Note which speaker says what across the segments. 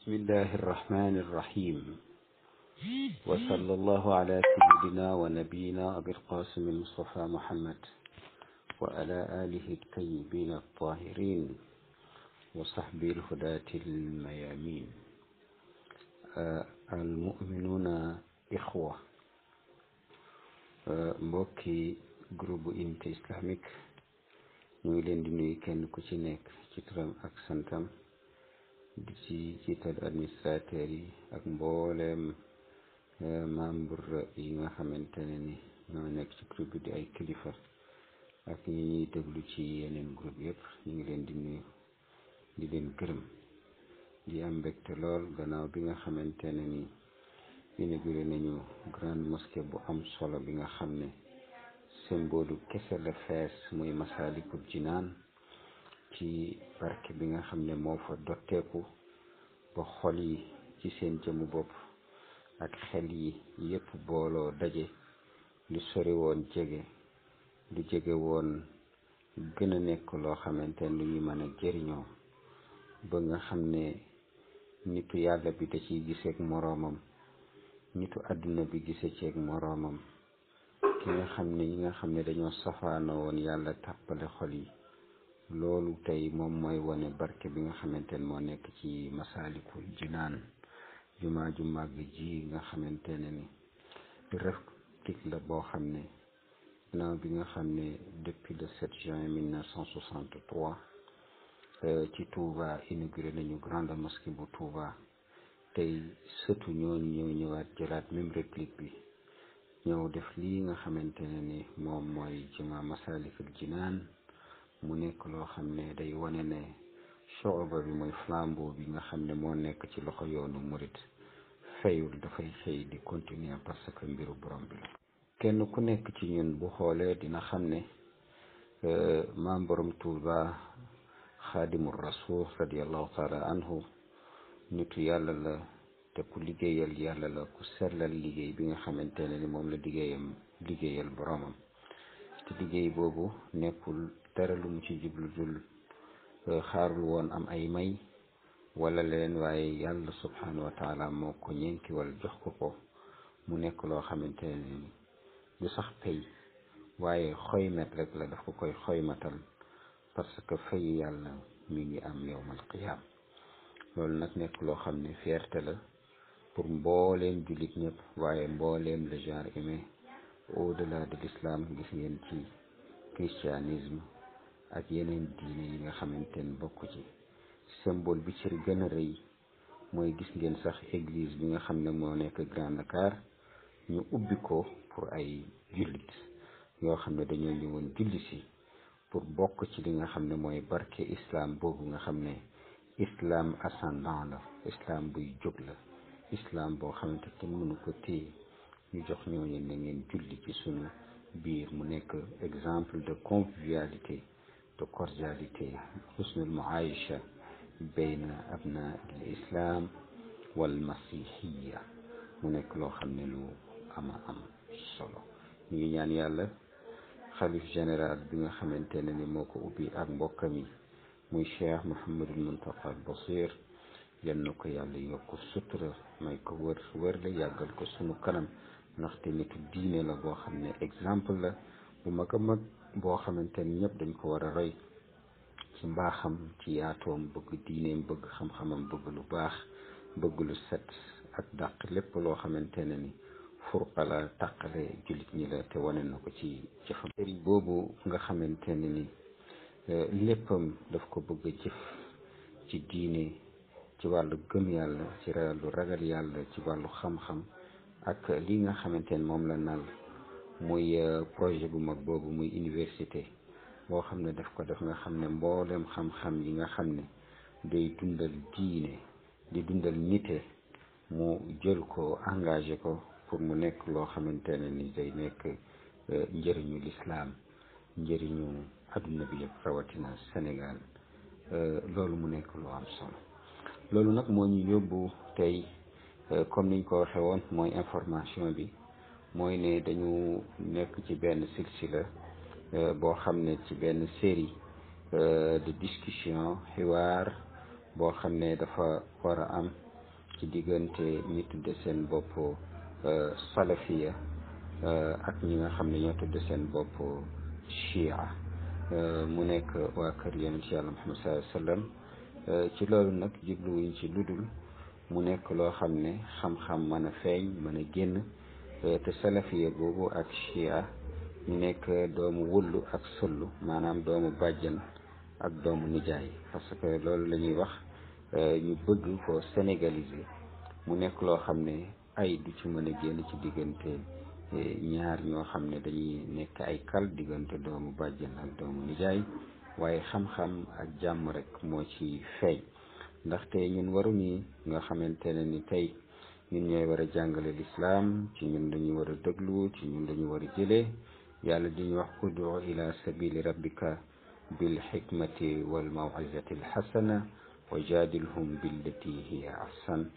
Speaker 1: bismillahi irrahmani irrahim wasala hmm. allahu ala sayidina wa nabiyina abilqasim almustafa muhammad wa ala alihi altayibin altahirin wa sahbi alhudati almayamin uh, almuminuna ixwa uh, mbokki groupe unité islamique ñu ngi leen di nuyu kenn ku ci nekk ci turam ak santam di ci jiital administrateur yi ak mbooleem eh, membre yi nga xamante ne ni ñoo nekk ci groupe bi di ay kilifa ak ñi ñuy déglu ci yeneen groupe yépp ñu ngi leen di nuyu di leen gërëm di am mbégte lool gannaaw bi nga xamante ne ni inauguré nañu grande mosquée bu am solo bi nga xam ne symbole kese la fees muy Masaalikul naan ci barke bi nga xam ne moo fa dotteeku ba xol yi ci seen jëmu bopp ak xel yi yépp booloo daje lu sori woon jege lu jege woon gën a nekk loo xamante ne lu ñu mën a jëriñoo ba nga xam ne nitu yàlla bi da ciy giseek moroomam nitu àdduna bi gise ceeg moroomam ki nga xam ne ñi nga xam ne dañoo safaanoo woon yàlla tàppale xol yi loolu tey moom mooy wane barke bi nga xamante ne moo nekk ci masaalikul jinaan jumaa ju màgg ji nga xamante ne ni réplique la boo xam ne naaw bi nga xam ne depuis le 7 juin 1963 euh, ci Touba inauguré nañu grande mosquée bu Touba tey sëtu ñooñu ñëwaat jëlaat même réplique bi ñëw def lii nga xamante ne ni moom mooy jumaa masaalikul jinaan mu nekk loo xam ne day wane ne sooba bi mooy flambeau bi nga xam ne moo nekk ci loxo yoonu murit fayul dafay xëy di continuer parce que mbiru borom bi la kenn ku nekk ci ñun bu xoolee dina xam ne euh, maam borom Tuuba xaadimul rasul radiallahu taala anhu nitu yàlla la te ku liggéeyal yàlla la ku sellal liggéey bi nga xamante ne ni moom la liggéeyam liggéeyal boromam te liggéey boobu nekkul dara lu mu ci jublu dul euh, xaarul woon am ay may wala leen waaye yàlla subhanahu wa taala moo ko ñenki wala jox ko ko mu nekk loo xamante ne ni du sax pay waaye xoymet rek la daf ko koy xoymatal parce que fay yàlla mi ngi am yowmal qiyaam loolu nag nekk loo xam ne fierté la pour mbooleem jullit ñëpp waaye mbooleem le genre humain au delà de l'islam gis ngeen ci christianisme ak yeneen diine yi nga xamante bokk ci symbole bi ci gën a rëy mooy gis ngeen sax église bi nga xam ne moo nekk Grand Dakar ñu ubbi ko pour ay jullit yoo xam ne dañoo ñëwoon julli si pour bokk ci li nga xam ne mooy barke islam boobu nga xam ne islam ascendant la islam buy jóg la islam boo xamante te mënu ko téye ñu jox ñooñu na ngeen julli ci sunu biir mu nekk exemple de convivialité de cordialité xusnul muaïcha bayna abna al islam wal masihiya mu nekk loo xam ne lu ama am solo ñu ngi ñaan yàlla xalif général bi nga xamante ne ni moo ko ubbi ak mbokkam mi muy cheikh Mouhamadul Muntaqa Basir yan na ko yàlla yokk ko wër la kanam ndaxte nitu diine la boo xam ne exemple la bu mag a boo xamante ni ñëpp dañ ko war a roy ci mbaaxam ci yaatoom bëgg diineem bëgg xam-xamam bëgg lu baax bëgg lu set ak dàq lépp loo xamante ne ni furqa la tàqale jullit ñi la te wane na ko ci jëfam sëriñ boobu nga xamante ne ni euh, léppam daf ko bëgg a jëf ci diine ci wàllu gëm yàlla ci wàllu ragal yàlla ci wàllu xam-xam ak lii nga xamante ne moom la nal muy euh, projet bu mag boobu muy université boo xam ne daf ko def nga xam ne mboolem xam-xam yi nga xam ne day dundal diine di dundal nite mu jël ko engagé ko pour mu nekk loo xamante ne ni day nekk euh, njëriñu lislaam njëriñu adduna bi yëpp rawatina Sénégal euh, loolu mu nekk lu am solo loolu nag moo ñu yóbbu tey comme niñ ko waxee woon mooy information bi mooy ne dañu nekk ci benn silsila euh, boo xam ne ci benn série euh, de discussion xiwaar boo xam ne dafa war a am ci diggante ñi tudd seen bopp euh, salafiya ak ñi nga xam ne ñoo tudde seen bopp chia mu nekk waa kër yonent ci yàlla Muhammad sallallahu alayhi ci loolu nag mu nekk loo xam ne xam-xam mën a feeñ mën a génn Eh, te salafiya boobu ak chia ñu nekk doomu wullu ak sullu maanaam doomu bàjjan ak doomu nijaay parce que loolu lañuy wax eh, ñu bëgg ko sénégaliser mu nekk loo xam ne ay du ci mën génn ci diggante eh, ñaar ñoo xam ne dañuy nekk ay kal diggante doomu bàjjan ak doomu nijaay waaye xam-xam ak jàmm rek moo ci feeñ ndaxte ñun waruñu nga xamante ne ni tey ñu ñooy war a jàngale lislaam ci ñu dañu war a déglu ci ñun dañu war a yàlla di ñu wax udu ila sabili rabbika bil xikmati wal mawizati alxasana wa jaadilhum billati hiya ahsan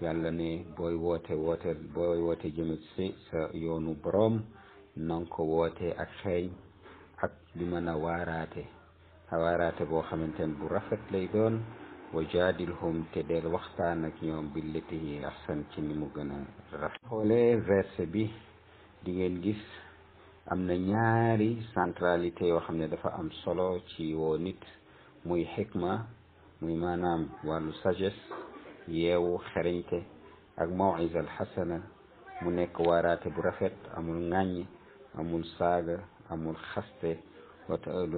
Speaker 1: yàlla ne booy woote woote booy woote jëme si sa yoonu boroom nanga ko wootee ak xeeñ ak li mën a waaraate a boo xamante ne bu rafet lay doon wa jaadilhum te del waxtaan ak ñoom billati hi ahsan ci ni mu gën a rafet xoolee bi di gis am na ñaari centralité yoo xam ne dafa am solo ci woo nit muy xikma muy maanaam wàllu sagesse yeewu xereñte ak mawisa al xasana mu nekk waraate bu rafet amul ŋàññ amul saaga amul xaste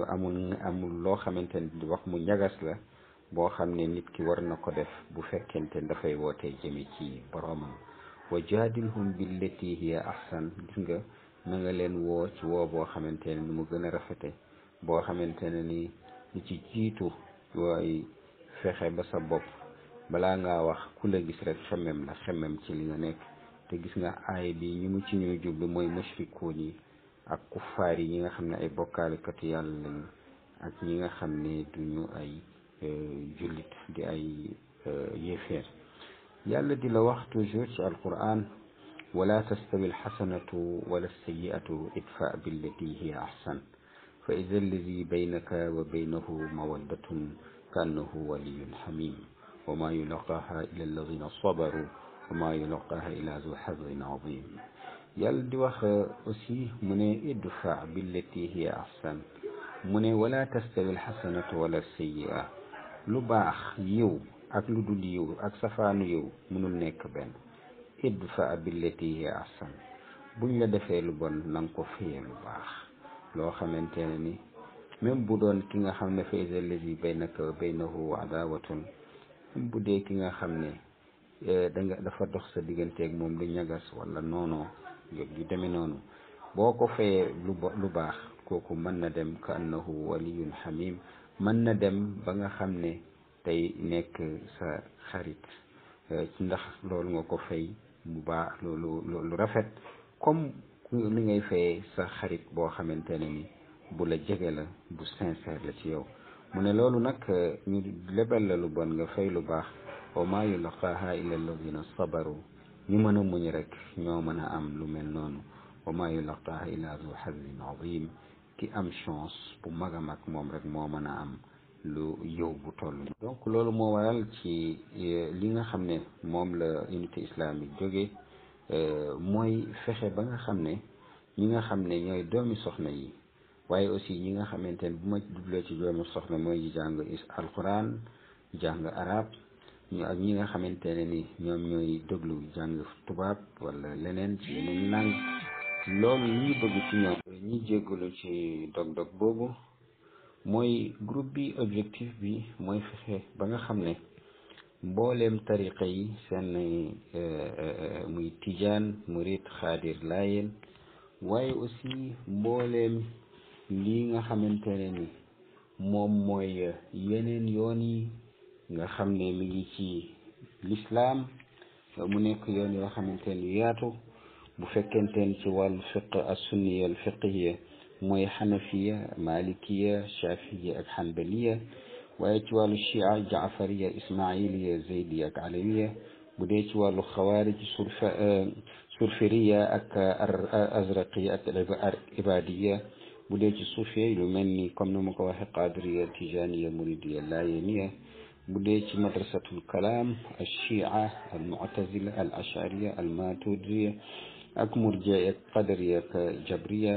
Speaker 1: amul amul loo xamante ni wax mu ñagas la boo xam ne nit ki war na ko def bu fekkente dafay woote jëme ci boromam wa jaadilhum billati hiya ahsan gis nga na leen woo ci woo boo xamante ne ni mu gën a rafete boo xamante ne ni li ci jiitu waaye fexe ba sa bopp balaa ngaa wax ku la gis rek xemem la xemem ci li nga nekk te gis nga aay bi ñi mu ci ñuy jublu mooy mushrikuun yi ak kuffaar yi ñi nga xam ne ay bokkaalikatu yàlla lañu ak ñi nga xam ne duñu ay Euh, jullit di ay euh, yéeféer yàlla di la wax toujours ci alquran wala tastawi alxasanatu wala alsayiatu idfa billati hiya ahsan fa ida alladi baynaka wa baynahu mawaddatun kaannahu waliyun xamim wa ma yulaqaaha ila alladina sabaru wa ma yulaqaaha ila zu xazin azim yàlla di wax euh, aussi mu ne idfa billati hiya ahsan mu ne wala tastawi alxasanatu wala alsayiatu lu baax yiw ak lu dul yiw ak safaanu yiw mënul nekk benn idfa billati hiya ahsan buñ la defee lu bon nan ko fayee lu baax loo xamante ne ni même bu doon ki nga xam ne fa iza allazi baynaka wa baynahu adawatun même bu dee ki nga xam ne eh, danga dafa dox sa digganteeg moom lu ñagas wala noonoo yóg yu demee noonu boo ko fayee lu baax kooku mën na dem ka annahu waliyun hamim man na dem ba nga xam ne tey nekk sa xarit euh, ndax loolu nga ko fay mu baax loolu lu rafet comme ni ngay fayee sa xarit boo xamante ne ni bu la jege la bu sincère la ci yow mu ne loolu nag euh, ñu lebal la lu bon nga fay lu baax wa maa yulaqaaha illa alladina sabaru ñu mën a muñ rek ñoo mën a am lu mel noonu wa maa yulaqaaha illa du xazin azim ki am chance bu mag a mag moom rek moo mën a am lu yow bu toll donc loolu moo waral ci eh, li nga xam ne moom la unité islamique jóge eh, mooy fexe ba nga xam ne ñi nga xam ne ñooy doomi soxna yi waaye aussi ñi nga xamante ne bu ma dugalee ci doomi soxna mooy ñu jàng alquran jàng arab ñu ak ñi nga xamante ne ni ñoom ñooy déglu jàng tubaab wala leneen ci yeneen langue loolu ñu bëgg ci ñoom ñi jéggalu ci dog-dog boobu mooy group bi objectif bi mooy fexe ba nga xam ne mbooleem tariqa yi seen eh, eh, eh, muy tijaan murit xaadir laayeen waaye aussi mbooleem lii nga xamante ni moom mooy yeneen yoon yi nga xam ne mi ngi ci lislaam mu nekk yoon yoo xamante ne yaatu bu fekkenteen ci wàllu fiq as sunniya al fiqiya mooy xanafiya malikiya shafiya ak xanbaliya waaye ci wàllu chia jaafariya ismailiya zaydiya ak alawiya bu dee ci wàllu xawaarij surfa surfiriya ak azraqiya ak ibadiya bu dee ci suufiya yu mel ni comme ni ma ko waxee qadiriya tijaniya muridiya layeniya bu dee ci madrasatul kalaam al shia al mu'tazila al ashariya ak murje ak qadariya ak jabriya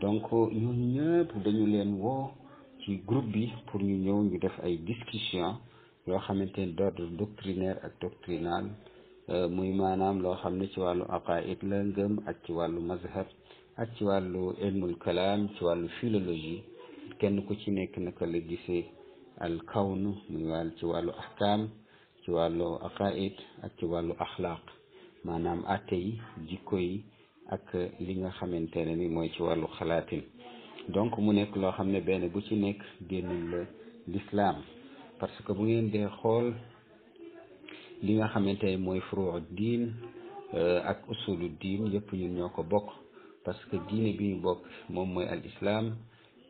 Speaker 1: donc ñun ñëpp dañu leen woo ci groupe bi pour ñu ñëw ñu def ay discussion yoo xamante ni d'ordre doctrinaire ak doctrinal euh, muy maanaam loo xam ne ci wàllu aqaid la ngëm ak ci wàllu mazhab ak ci wàllu ilmul kalaam ci wàllu philologie kenn ku ci nekk naka la gisee al ci wàllu ahkam ci wàllu aqaid ak ci wàllu axlaaq maanaam atte yi jikko yi ak li nga xamante ne ni mooy ci wàllu xalaatin donc mu nekk loo xam ne benn bu ci nekk génnul la l'islam parce que bu ngeen dee xool li nga xamante ne mooy furuu diin euh, ak usulu diin yëpp ñun ñoo ko bokk parce que diine bi ñu bokk moom mooy al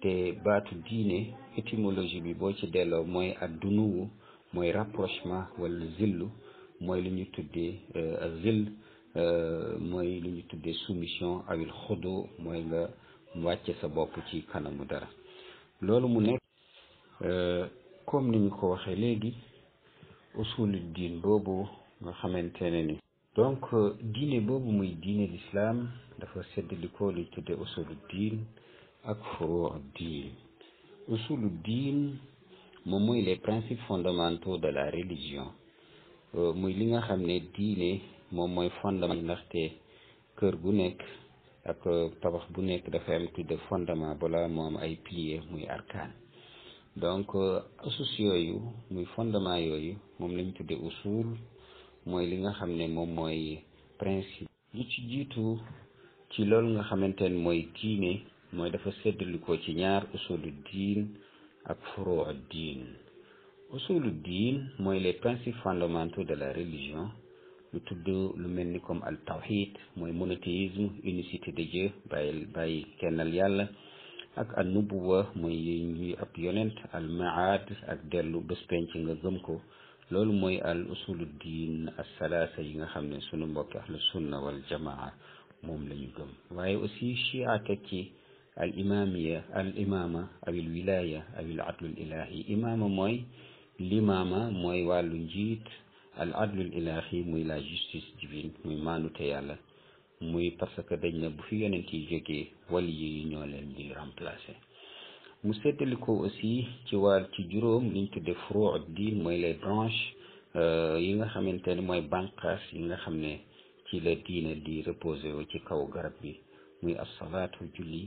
Speaker 1: te baatu diine étymologie bi boo ci delloo mooy addunuwu mooy rapprochement wala zillu mooy lu ñu tuddee euh, zil euh, mooy lu ñu tuddee soumission awil xodo mooy nga wàcce sa bopp ci kanamu dara loolu mu nekk euh, comme ni ñu ko waxee léegi usulu diin boobu nga xamante ne ni donc diine boobu muy diine lislaam dafa séddalikoo li tuddee usulu diin ak furuu diin usulu diin moom mooy les principes fondamentaux de la religion Euh, muy li nga xam ne diine moom mooy fondement ndaxte kër gu nekk ak euh, tabax bu nekk dafay am tudde fondement balaa moom ay pilier muy arkaan donc euh, usus yooyu muy fondement yooyu moom lañ tudde usul mooy li nga xam ne moom mooy principe lu ci jiitu ci loolu nga xamante ne mooy diine mooy dafa ko ci ñaar usulu diin ak furuu diin usulu diin mooy les principes fondamentaux de la religion lu tudd lu mel ni comme al tawhid mooy monothéisme unicité de Dieu bàyyi bàyyi kennal yàlla ak al nubuwa mooy ñuy ab yonent al maad ak dellu bés penc nga gëm ko loolu mooy al usulu diin as salaasa yi nga xam ne sunu mbokki ahlu sunna wal jamaa moom la gëm waaye aussi chia teg ci al imamiya al imama awil wilaya awil adlul ilahi imama mooy limaama mooy wàllu njiit al adlul ilaahi muy la justice divine muy maanute yàlla muy parce que dañ ne bu fi yonent yi jógee wali yi ñoo leen di remplacer mu seetali ko aussi ci wàll ci juróom liñ tudde furuu diin mooy les branches euh, yi nga xamante ne mooy bànqaas yi nga xam ne ci la diine di reposé wu ci kaw garab bi muy as salaatu julli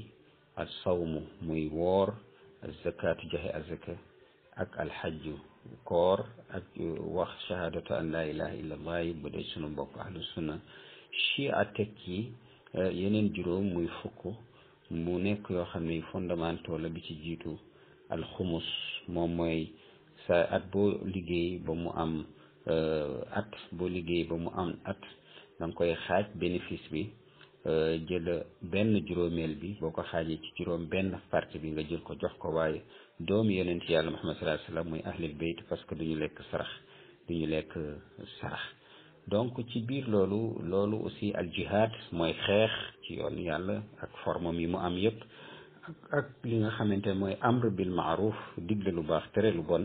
Speaker 1: as sawmu muy woor az zakaatu joxe azaka ak alxajju koor ak wax shahadatu an la ilaha illallah bu dee sunu mbokk ahlu sunna chi a teg eh, yeneen juróom muy fukk mu nekk yoo xam ne fondamentaux bi ci jiitu alxumus moom mooy sa at boo liggéey ba mu am eh, at boo liggéey ba mu am at da koy xaaj bénéfice bi eh, jël benn juróomeel bi boo ko xaajee ci juróom benn partie bi nga jël ko jox ko waaye doomu yonent yàlla Muhammad sallallahu alayhi wa sallam muy ahlil bayt parce que du ñu lekk sarax du lekk euh, sarax donc ci biir loolu loolu aussi al jihad mooy xeex ci yoon yàlla ak formam yi mu am yépp ak li nga xamante mooy amr bil maaruf digle lu baax tere lu bon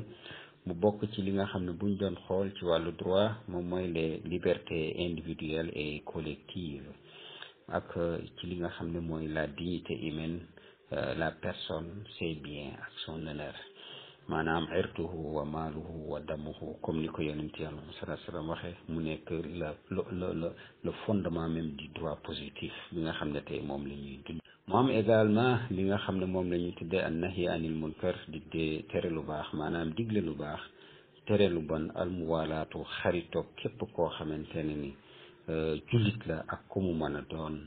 Speaker 1: mu bokk ci li nga xam ne buñ doon xool ci wàllu droit moom mooy les libertés individuelles et collectives ak euh, ci li nga xam ne mooy la dignité humaine Eh, la personne ses bien ak son honneur maanaam irtuhu wa maaluhu wa damuhu comme ni ko yonent yàlla sallallahu alayhi wasallam waxee mu nekk la la la le fondement même du droit positif bi nga xam ne tey moom la ñuy dund mu am également li nga xam ne moom la ñuy tuddee an nahyi anil munkar di tere lu baax maanaam digle lu baax tere lu bon al xaritoo képp koo xamante ne ni eh, jullit la ak ku mu mën a doon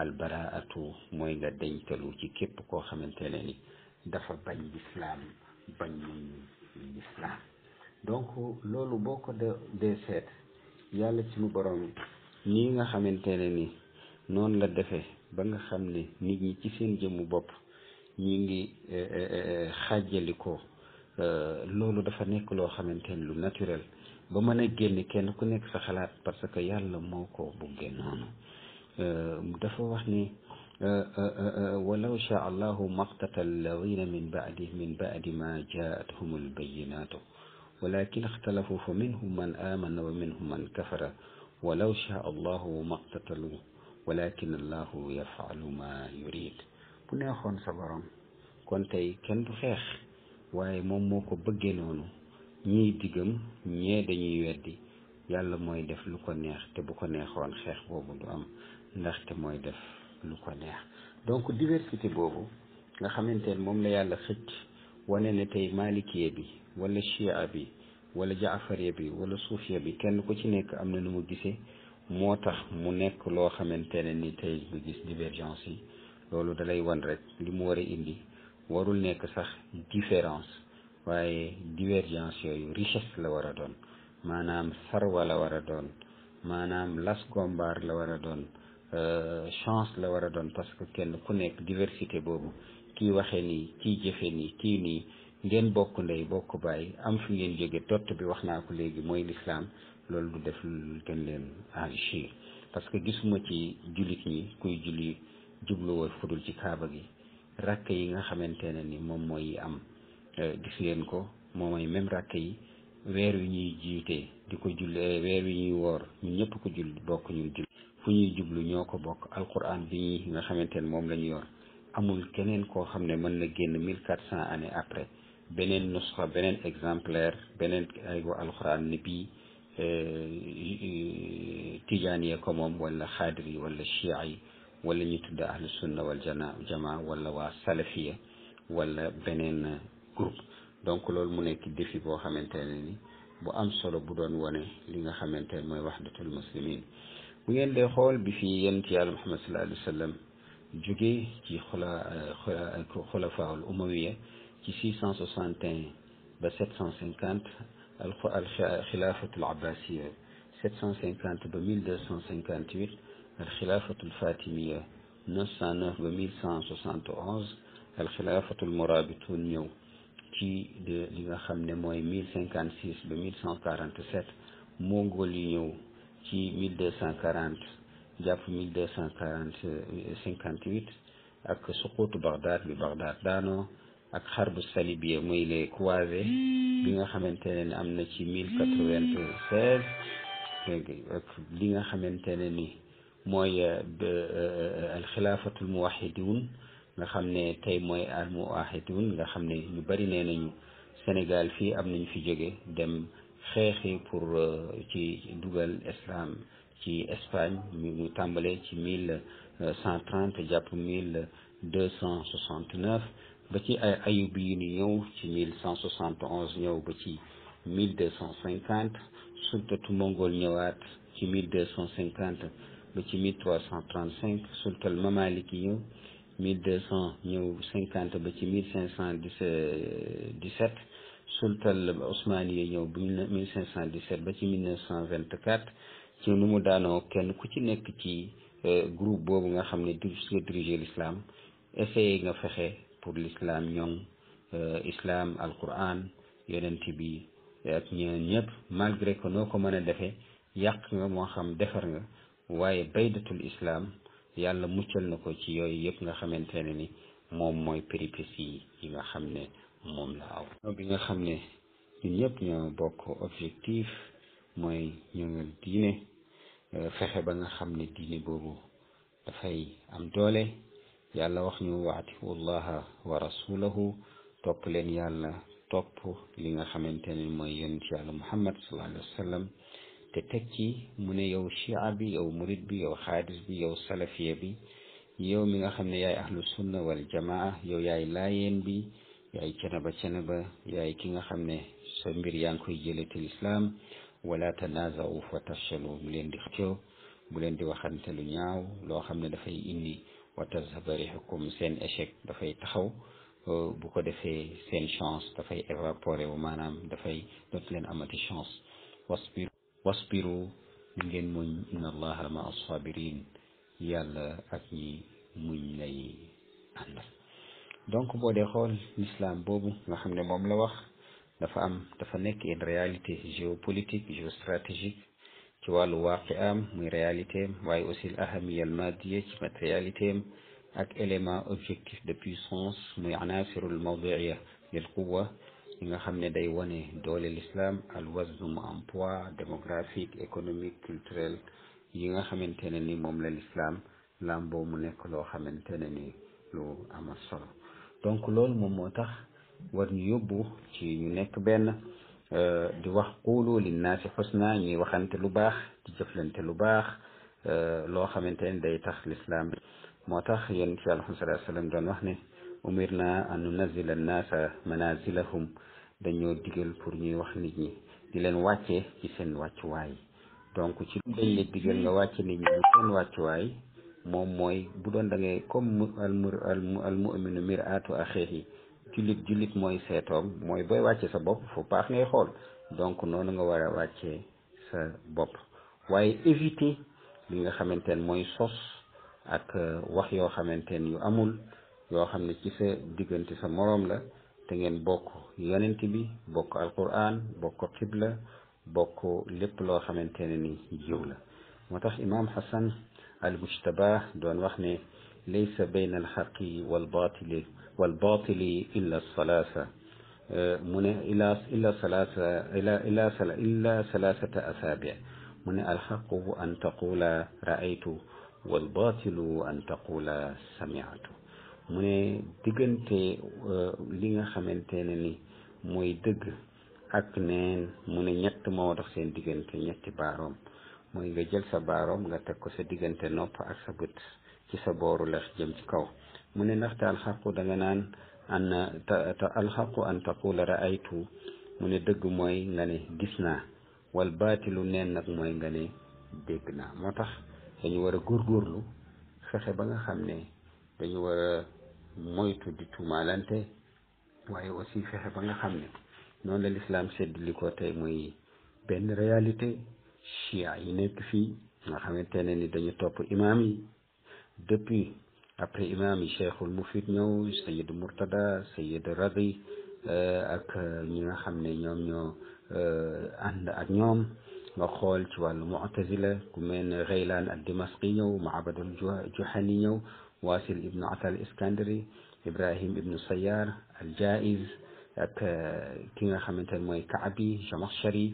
Speaker 1: albaraatu mooy nga dencalu ci képp koo xamante ne ni dafa bañ lislaam bañ lislaam donc loolu boo ko de dee seet yàlla ci mu borom nii nga xamante ne ni noonu la defee ba nga xam ni nit ñi ci seen jëmmu bopp ñi ngi eh, eh, eh, xàjjali ko loolu dafa nekk loo xamante ne lu naturel ba mën a génn kenn ku nekk sa xalaat parce que yàlla moo ko buggee noonu dafa wax ni walaw shaa allahu maqtata alladina min badi min badi ma jaathum albayinatu walakin ixtalafu fa minhum man amana wa minhum man kafara walaw shaa allahu maqtatalu walakin allahu yafalu ma yurid bu neexoon sa borom kon tey kenn du xeex waaye moom moo ko bëggee noonu ñii diggam ñee dañuy weddi yàlla mooy def lu ko neex te bu ko neexoon xeex boobu du am ndaxte mooy def lu ko neex donc diversité boobu nga xamante ne moom la yàlla xëcc wane na tey malikiye bi wala chia bi wala jaafariya bi wala suufiya bi kenn ku ci nekk am na nu mu gisee moo tax mu nekk loo xamante ne ni tey nga gis divergence yi loolu dalay wan rek li mu war a indi warul nekk sax différence waaye divergence yooyu richesse la war a doon maanaam sarwa la war a doon maanaam las gombaar la war a doon Euh, chance la war a doon parce que kenn ku nekk diversité boobu kii waxee nii kii jëfe nii kii nii ngeen bokk ndey bokk bàyyi am fi ngeen jóge tott bi wax naa ko léegi mooy lislaam loolu du def lu gën leen enrichir parce que gisuma ci jullit ñi kuy julli fu dul ci kaaba gi rakk yi nga xamante ne ni moom mooy am euh, gis ngeen ko moomay même rakk yi weer wi ñuy jiite di ko julli eh, weer wi ñuy woor ñu ñëpp ko julli bokk ñuy julli fu ñuy jublu ñoo ko bokk alquran bi nga xamante ne moom la ñu yor amul keneen koo xam ne mën na génn mille quatre cent années après beneen nusxa beneen exemplaire beneen aywa alquran ni bii euh, tijaan yee ko moom wala xaadir yi wala chia yi wala ñu tudda ahlu sunna wal jana jamaa wala waa salafiya wala beneen groupe donc loolu mu nekk defi boo xamante ne ni bu am solo bu doon wane li nga xamante ne mooy waxdatul muslimin bu ngeen dee xool bi fi yonent yàlla Muhammad sallallahu alayhi wa sallam jóge ci xula xulafaawul umawiya ci 661 ba 750 al xilaafatul abbasiya 750 ba 1258 al xilaafatul fatimiya 909 ba 1171 al xilaafatul murabitun ñëw ci de li nga xam ne mooy 1056 ba 1147 mongol yi ñëw. ci mille deux cent quarante jàpp mille deux cent quarante cinquante huit ak suquutu Bagdad bi Bagdad daanoo ak xarbu salibiye muy les croisés bi nga xamante ne am na ci mille quatre vingt seize li nga xamante ne ni mooy euh, euh, alxilaafatul muwaxidiwun nga xam ne tey mooy al muwaxidiwun nga xam ne ñu bari nee nañu Sénégal fii am nañu fi jóge dem xeexi pour euh, ci dugal islam ci Espagne mu tàmbalee ci mille cent trente mille deux cent soixante ba ci ay ayub yi ci mille cent soixante ñëw ba ci mille deux cent cinquante sultatu mongol ñëwaat ci mille deux cent cinquante ba ci mille trois cent trente cinq sultal mamalik yi ñëw mille deux cent ñëw cinquante ba ci mille cinq cent dix sept sultal osmaniya ñëw bu mille cinq cent dix-sept ba ci mille neuf cent vingt-quatre ci nu mu daanoo kenn ku ci nekk ci euh, groupe boobu nga xam ne nga diriger l'islam essayé nga fexe pour l'islam ñoŋ euh, islam alquran yonent bi ak ñeen ñëpp malgré ko noo ko mën a defee yàq nga moo xam defar nga waaye baydatul islaam yàlla muccal na ko ci yooyu yëpp nga xamante ne ni moom mooy péripéties yi nga xam ne moom la aw bi nga xam ne ñun ñëpp ñoo bokk objectif mooy ñëngal diine euh, fexe ba nga xam ne diine boobu dafay am doole yàlla wax ñu waati wallaha wa rasulahu topp leen yàlla topp li nga xamante ne mooy yonent yàlla muhammad sallallahu alayhi wa sallam te teg ci mu ne yow chia bi yow murid bi yow xaadis bi yow salafiya bi yow mi nga xam ne yaay ahlu sunna wal jamaa yow yaay laayeen bi yaay cene ba cene ba yaay ki nga xam ne sa mbir yaa ngi koy jëlee ci lislaam wala tanazau fa tafshalu bu leen di xëccoo bu di waxante lu ñaaw loo xam ne dafay indi wa tazhaba rihukum seen echeck dafay taxaw euh, bu ko defee seen chance dafay évaporer wu maanaam dafay dootu leen amati chance wasbiru wasbiru ngeen muñ inna allaha ma assabirin yàlla ak ñi muñ lay àndal donc boo dee xool l'islam boobu nga xam ne moom la wax dafa am dafa nekk une réalité géopolitique géostratégique ci wàllu waaqi am muy réalité am waaye aussi l ahamiya al madiya ci matérialité am ak élément objectif de puissance muy anasirul mawdiya lil quwa nga xam ne day wane doole l'islam al wazn mu am poids économique culturel yi nga xamante ne ni moom la l'islam lamboo mu nekk loo xamante ne ni lu ama solo donc loolu moom moo tax war ñu yóbbu ci ñu nekk benn euh, di wax quulu linnaasi xusna ñuy waxante lu baax di jëflante lu baax euh, loo xamante ne day tax lislaam moo tax yonent bi aleyhi salaatu wa salaam doon wax ne umir na an nunazila annaasa manazilahum dañoo digal pour ñuy wax nit ñi di leen wàcce ci seen wàccuwaay donc ci dañ leen digal nga wàcce nit ñi seen wàccuwaay moom mooy bu doon da ngay comme al mu al mu'minu mir'atu akhihi jullit jullit mooy seetoom mooy booy wàcce sa bopp fu baax ngay xool donc noonu nga war a wàccee sa bopp waaye éviter li nga xamante ne mooy sos ak euh, wax yoo xamante ne yu amul yoo xam ne ci sa diggante sa moroom la te ngeen bokk yonent bi bokk alquran bokk xibla bokk lépp loo xamante ne ni jiw la moo tax imaam Hassan almustabah doon wax ne laysa bayna alxaqi walbatili walbatili illa salaasa euh, mu ne ila illa salaasa ila ila illa salaasata asaabi mu ne alxaqu an taqula raaytu walbatilu an taqula samiatu mu ne diggante euh, li nga xamante ne ni mooy dëgg ak neen mu ne ñett moo dox seen diggante ñetti baaroom mooy nga jël sa baaroom nga teg ko sa diggante nopp ak sa bët ci sa booru lex jëm ci kaw mu ne ndaxte alxaqu da nga naan an ta alxaqu an taqula raaytu mu ne dëgg mooy nga ne gis naa wal baatilu neen nag mooy nga ne dégg naa moo tax dañu war a góorgóorlu fexe ba nga xam ne dañu war a moytu di tuumaalante waaye aussi fexe ba nga xam ne noonu la lislaam sedd li ko tey muy benn réalité chia yi nekk fii nga xamante ne ni dañu topp imaam yi depuis après imaam yi cheikhul mufid ñëw sayid murtada sayid radi euh, ak euh, ñi nga xam ne ñoom ñoo euh, ànd ak ñoom nga xool ci wàllu mu'tazila ku mel ne Ghaylaan ad-Dimasqi ñëw Ma'badul Juhani ñëw Waasil ibnu Ata al-Iskandari Ibrahim ibnu Sayyar al-Jaa'iz ak ki nga xamante ne mooy Ka'bi Jamakhshari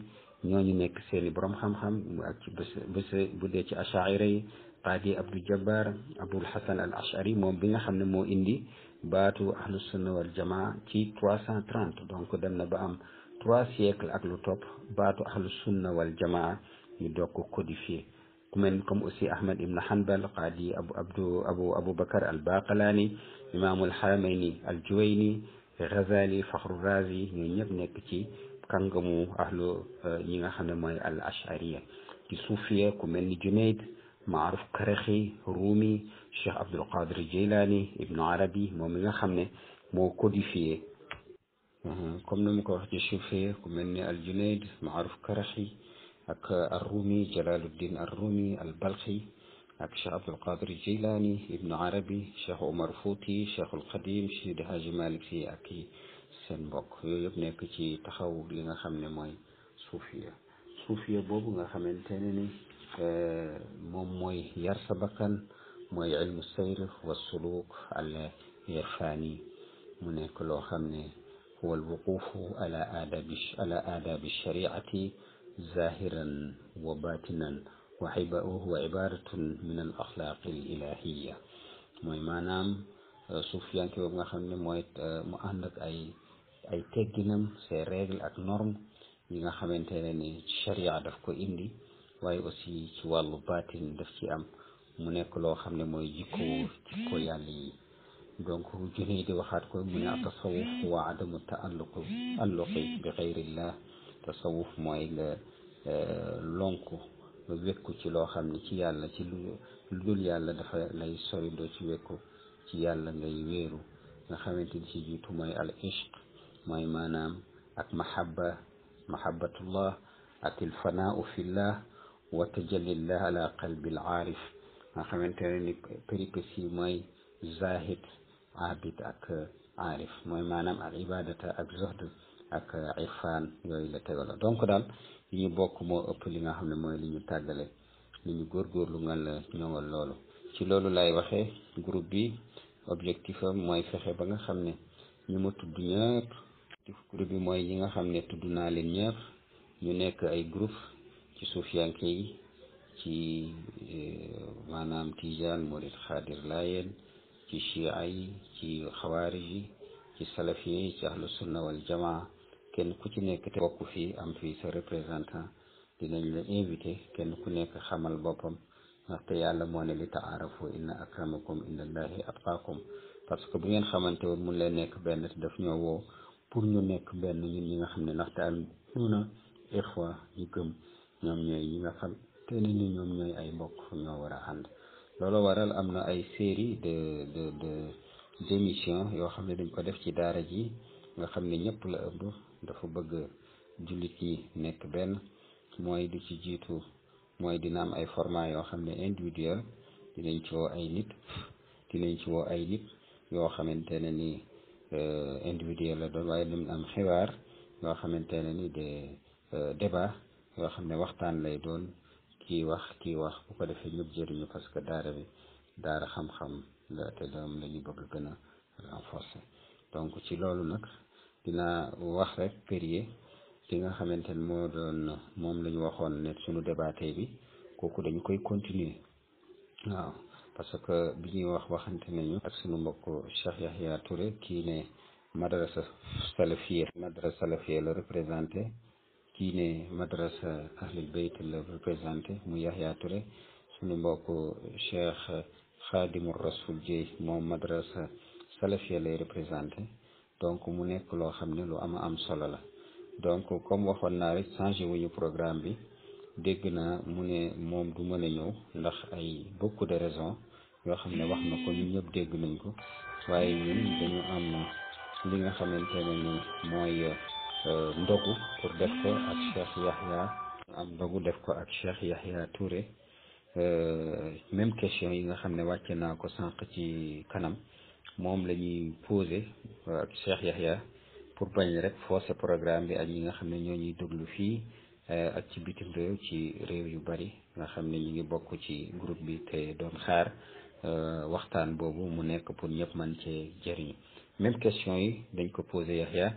Speaker 1: ñooñu nekk seeni borom xam-xam ak bés bés bu dee ci achaira yi qaadi abdou jabbar abdul hasan al ashari moom bi nga xam ne moo indi baatu ahlus sunna wal ci trois cent trente donc dem na ba am trois siècles ak lu topp baatu ahlus sunna wal jamaa ñu doog ko codifié ku mel comme aussi ahmad ibn hanbal qaadi abu abdou abu aboubacar al baqalani imaamul xaramayni al juwayni ghazali fakhru razi ñoo ñëpp nekk ci kàngamu ahlu euh, ñi nga xam ne mooy al ashariya suufiya ku mel ni Junayd Maaruf Karaxi Rumi Cheikh Abdul Qadir Jilani Arabi moom mi nga xam ne moo codifié euh, comme ni ko wax ci suufiya ku mel ni al Junayd Maaruf Karaxi ak euh, al Rumi Jalaluddin al Rumi al Balxi ak Cheikh Abdul Qadir Jilani Ibnu Arabi Cheikh Omar Fouti Cheikh al Qadim Seydi Haji Malick Sy ak seen mbokk yooyu yëpp nekk ci taxaw li nga xam ne mooy suufiya suufiya boobu nga xamante ne ni eh, moom mooy yar sa bakkan mooy ilmu sayrif wa suluk al irfani mu nekk loo xam ne huwa al wuqufu ala aadabi ala aadabi shariati zahiran wa batinan wa huwa ibaratun min al axlaaqi al ilahiya mooy maanaam eh, suufiyanke boobu nga xam ne mooy eh, mu ànd ak ay ay tegginam ses règles ak normes yi nga xamante ne ni sharia daf ko indi waaye aussi ci wàllu baatin daf ci am mu nekk loo xam ne mooy jikko jikko yàlla yi donc junee di waxaat ko mu ne a tasawuf wa adamu taalluqu alluqi bi xayrillah tasawuf mooy nga euh, lonku nga wekku ci loo xam ne ci yàlla ci lu dul yàlla dafa lay sori doo ci wekku ci yàlla ngay wéeru nga xamante ni ci jiitu mooy al ishq mooy maanaam ak mahabba mahabbatullah ak il fanaau fillah wa tajallillah ala qalbi al aarif xamante ne ni péripétie mooy zahid abid ak aarif maanaam al ibadata ak zuhd ak irfan yooyu la tegalo donc daal li bokk moo ëpp li nga xam ne mooy li ñu tàggale li ñu góorgóorlu ngal ñoo loolu ci loolu lay waxee groupe bi objectif mooy fexe ba nga xam ne ñu ma tudd kuréel bi mooy yi nga xam ne tudd naa leen ñëpp ñu nekk ay groupe ci suufiyanke yi ci euh, maanaam tijaan murid xaadir laayeen ci chia yi ci xawaarij yi ci salafi yi ci ahlu sunna wal kenn ku ci nekk te bokk fii am fii sa représentant dinañ la invité kenn ku nekk xamal boppam ndaxte yàlla moo ne li taarafu inna akramakum indallahi atqaakum parce que bu ngeen xamante woon mun leen nekk benn te daf ñoo pour ñu nekk benn ñun ñi nga xam ne ndaxte al mu'minuuna ixwa ñu gëm ñoom ñooy ñi nga xam te ne ni ñoom ñooy ay mbokk ñoo war a ànd loolu waral am na ay série de de de d'émission yoo xam ne dañ ko def ci daara ji nga xam ne ñëpp la ëmb dafa bëgg jullit yi nekk benn mooy du ci jiitu mooy dina am ay format yoo xam ne individuel dinañ ci woo ay nit dinañ ci woo ay nit yoo xamante ne nii Euh, individuel la doon waaye dinañ am xibaar yoo xamante ne ni de euh, débat yoo xam ne waxtaan lay doon kii wax kii wax bu ko defee ñëpp jëriñu parce que daara bi daara xam-xam la te doom la bëgg gën a renforcer donc ci loolu nag dinaa wax rek périer li nga xamante ne moo doon moom la ñu waxoon ne suñu débat bi kooku dañu koy continuer waaw parce que bi ñuy wax waxante nañu ak sunu mbokku Cheikh Yahya Touré kii ne madrasa salafia madrasa salafia la représenté kii ne madrasa ahlul bayt la représenté mu Yahya Touré sunu mbokk Cheikh Khadimou Rasoul moom madrasa salafia lay représenté donc mu nekk loo xam ne lu ama am solo la donc comme waxoon naa rek changé wuñu programme bi dégg naa mu ne moom du mën a ñëw ndax ay beaucoup de raisons yoo xam ne wax na ko ñun ñëpp dégg nañ ko waaye ñun dañu am li nga xamante ne ni mooy euh, ndogu pour def ko ak Cheikh Yahya am ndogu def ko ak Cheikh Yahya Touré euh, même question yi nga xam ne wàcce naa ko sànq ci kanam moom la ñuy posé ak pour bañ rek forcer programme bi ak ñi nga xam ne ñoo ñuy déglu fii euh, ak ci bitim réew ci réew yu bari nga xam ne ñu ngi bokk ci groupe bi te doon xaar Euh, waxtaan boobu mu nekk pour ñëpp man cee jëriñu même question yi dañ ko posé Yaxya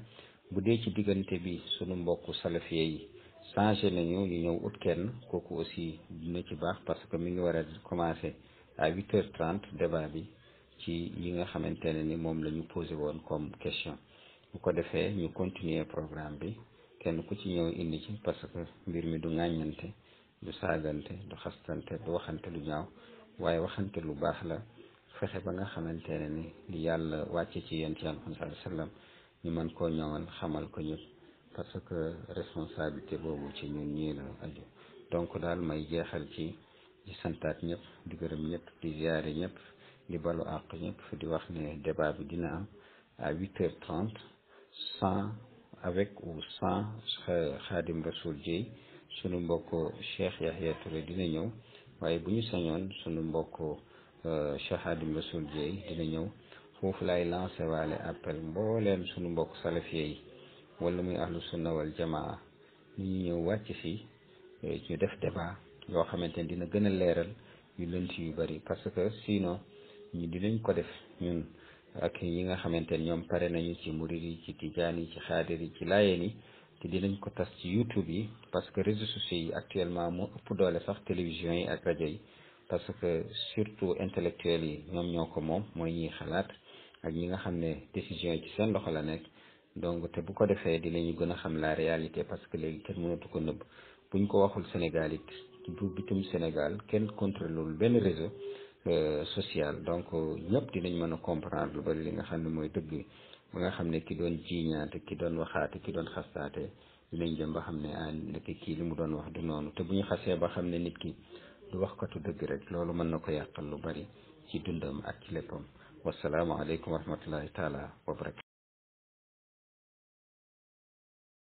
Speaker 1: bu dee ci diggante bi sunu mbokku salafiyee yi changé nañu ñu ñëw ut kenn kooku aussi dina ci baax parce que mi ngi war a commencé à huit heures trente débat bi ci yi nga xamante ne ni moom la ñu posé woon comme question bu ko defee ñu continuer programme bi kenn ku ci ñëw indi ci parce que mbir mi du ŋàññante du saagante du xastante du waxante lu ñaaw waaye waxante lu baax la fexe ba nga xamante ne ni li yàlla wàcce ci yonent yàlla Muhammad sallam ñu man koo ñoŋal xamal ko ñëpp parce que responsabilité boobu ci ñun ñii la aju donc daal may jeexal ci di santaat ñëpp di gërëm ñëpp di ñëpp di balu àq ñëpp di wax ne débat bi dina am à huit heures trente sans avec ou sans Khadim Rassoul Dieye sunu mbokk Cheikh Yahya Touré dina ñëw waaye bu ñu sañoon sunu mbokk euh, Cheikh Adim Rasoul Dieye dina ñëw foofu lay lancé waale appel mbooleem sunu mbokk salafie yi wala muy ahlu sunna wal jamaa ñu ñëw wàcc si euh, ñu def débat yoo xamante ni dina gën a leeral yu lënt yu bari parce que sinon ñu dinañ ko def ñun ak ñi nga xamante ni ñoom pare nañu ci murid yi ci tijaan yi ci xaadir yi ci laayeen yi te dinañ ko tas ci YouTube yi parce que réseaux sociaux yi actuellement moo ëpp doole sax télévision yi ak rajo yi parce que surtout intellectuels yi ñoom ñoo ko moom mooy ñuy xalaat ak ñi nga xam ne décision yi ci seen loxo la nekk donc te bu ko defee dinañu gën a xam la réalité parce que léegi kenn mënatu ko nëbb buñ ko waxul Sénégal it bu bitum Sénégal kenn contrôlul benn réseau euh, social donc ñëpp dinañ mën a comprendre lu bari li nga xam ne mooy dëgg ba nga xam ne ki doon jiiñaate ki doon waxaate ki doon xastaate dinañ jëm ba xam ne ah nekk kii li mu doon wax du noonu te bu ñu xasee ba xam ne nit ki du wax katu dëgg rek loolu mën na ko yàqal lu bari ci dundam ak ci léppam wasalaamualeykum wa rahmatullahi taala wa barakatu